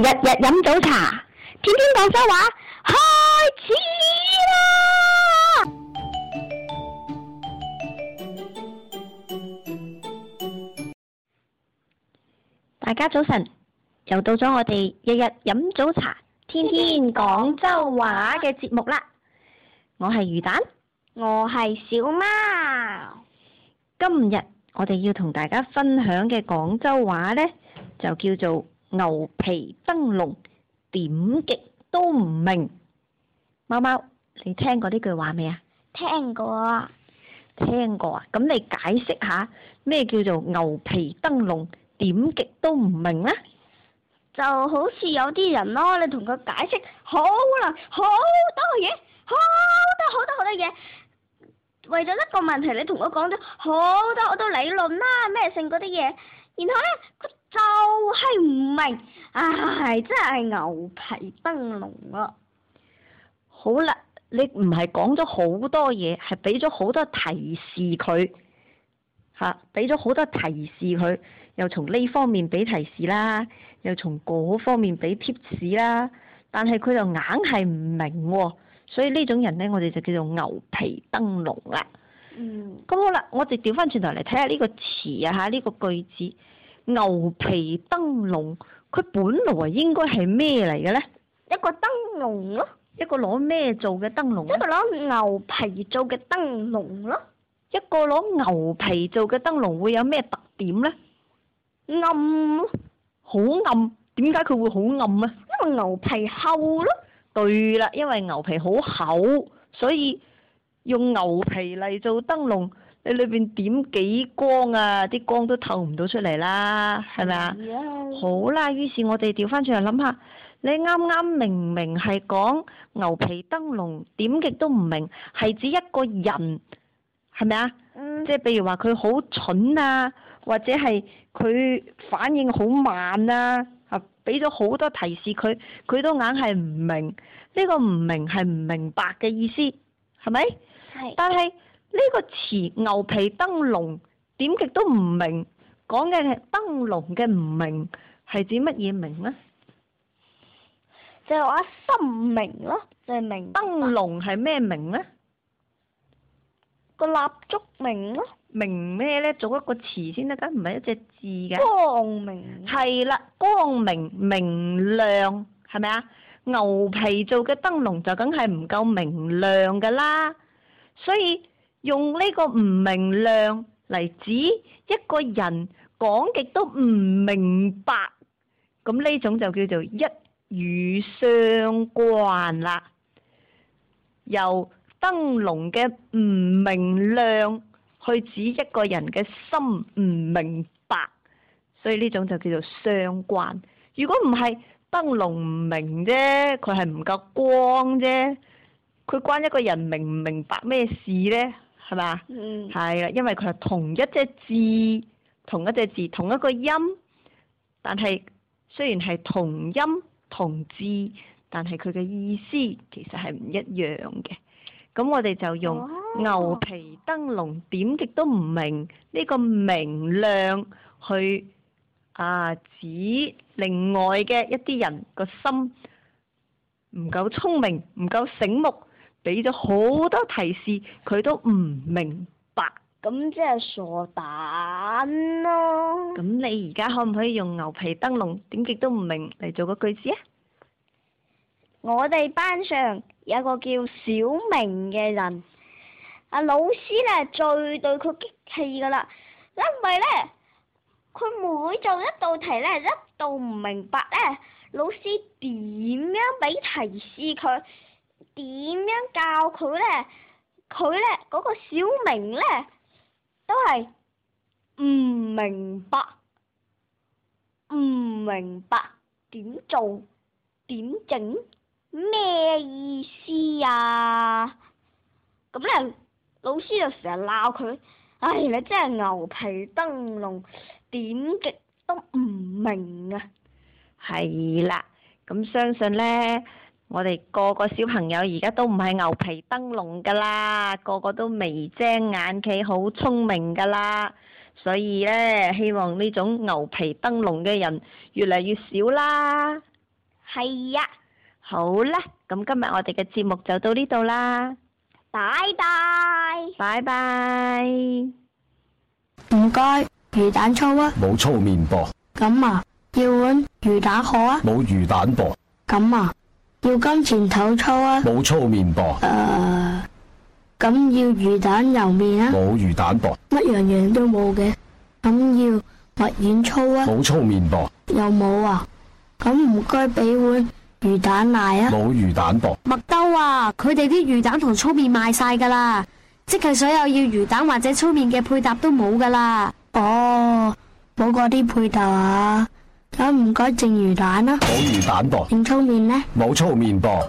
日日飲早茶，天天廣州話，開始啦！大家早晨，又到咗我哋日日飲早茶、天天廣州話嘅節目啦！我係魚蛋，我係小貓。今日我哋要同大家分享嘅廣州話呢，就叫做，牛皮燈籠點極都唔明。貓貓你聽過呢句話未啊？聽過啊，聽過啊，咁你解釋下咩叫做牛皮燈籠點極都唔明咧？就好似有啲人咯，你同佢解釋好啦，好多嘢、好多好多好多嘢，為咗一個問題，你同我講咗好多好多理論啦，咩性嗰啲嘢，然後咧。就係唔明，唉、哎，真係牛皮燈籠啊！好啦，你唔係講咗好多嘢，係俾咗好多提示佢，吓、啊，俾咗好多提示佢，又從呢方面俾提示啦，又從嗰方面俾貼士啦，但係佢就硬係唔明喎、哦，所以呢種人呢，我哋就叫做牛皮燈籠啦。嗯。咁好啦，我哋調翻轉頭嚟睇下呢個詞啊，吓、啊、呢、呢個句子。牛皮燈籠，佢本來應該係咩嚟嘅呢？一個燈籠咯，一個攞咩做嘅燈籠？一個攞牛皮做嘅燈籠咯，一個攞牛皮做嘅燈籠會有咩特點呢？暗啊，好暗。點解佢會好暗啊？因為牛皮厚咯。對啦，因為牛皮好厚，所以用牛皮嚟做燈籠。喺裏邊點幾光啊，啲光都透唔到出嚟啦，係咪啊？啊好啦，於是我哋調翻轉嚟諗下，你啱啱明明係講牛皮燈籠點極都唔明，係指一個人，係咪啊？嗯。即係比如話佢好蠢啊，或者係佢反應好慢啊，啊俾咗好多提示佢，佢都硬係唔明。呢個唔明係唔明白嘅意思，係咪？是但係。呢個詞，牛皮燈籠點極都唔明，講嘅係燈籠嘅唔明，係指乜嘢明呢？就話心明咯，就係明。燈籠係咩明呢？個蠟燭明咯。明咩呢？做一個詞先得，梗唔係一隻字嘅明。光明。係啦，光明、明亮係咪啊？牛皮做嘅燈籠就梗係唔夠明亮㗎啦，所以。用呢個唔明亮嚟，指一個人講極都唔明白，咁呢種就叫做一語相關啦。由燈籠嘅唔明亮去指一個人嘅心唔明白，所以呢種就叫做相關。如果唔係燈籠唔明啫，佢係唔夠光啫，佢關一個人明唔明白咩事咧？係嘛？係啦、嗯，因為佢係同一隻字、同一隻字、同一個音，但係雖然係同音同字，但係佢嘅意思其實係唔一樣嘅。咁我哋就用牛皮燈籠點極都唔明呢個明亮，去啊指另外嘅一啲人個心唔夠聰明，唔夠醒目。俾咗好多提示，佢都唔明白，咁即係傻蛋咯。咁你而家可唔可以用牛皮燈籠點極都唔明嚟做個句子啊？我哋班上有個叫小明嘅人，阿老師咧最對佢激氣噶啦，因為咧佢每做一道題咧一度唔明白咧，老師點樣俾提示佢？點樣教佢咧？佢咧嗰個小明咧，都係唔明白，唔明白點做，點整，咩意思啊？咁咧，老師就成日鬧佢，唉，你真係牛皮燈籠，點極都唔明啊！係啦，咁、 啊、相信咧。我哋個個小朋友而家都唔係牛皮燈籠噶啦，個個都眉精眼企好聰明噶啦，所以呢，希望呢種牛皮燈籠嘅人越嚟越少啦。係呀、啊，好啦，咁今日我哋嘅節目就到呢度啦。拜拜。拜拜。唔該，魚蛋粗啊？冇粗麵噃。咁啊？要碗魚蛋殼啊？冇魚蛋噃。咁啊？要金錢肚粗啊！冇粗麵啵？誒、啊，咁要魚蛋油麵啊！冇魚蛋薄？乜樣樣都冇嘅，咁要墨丸粗啊！冇粗麵啵？又冇啊！咁唔該俾碗魚蛋奶啊！冇魚蛋薄？麥兜啊，佢哋啲魚蛋同粗麵賣晒噶啦，即係所有要魚蛋或者粗麵嘅配搭都冇噶啦。哦，冇嗰啲配搭啊！我唔該淨魚蛋啦，冇魚蛋噃。蒸粗麵呢？冇粗麵噃。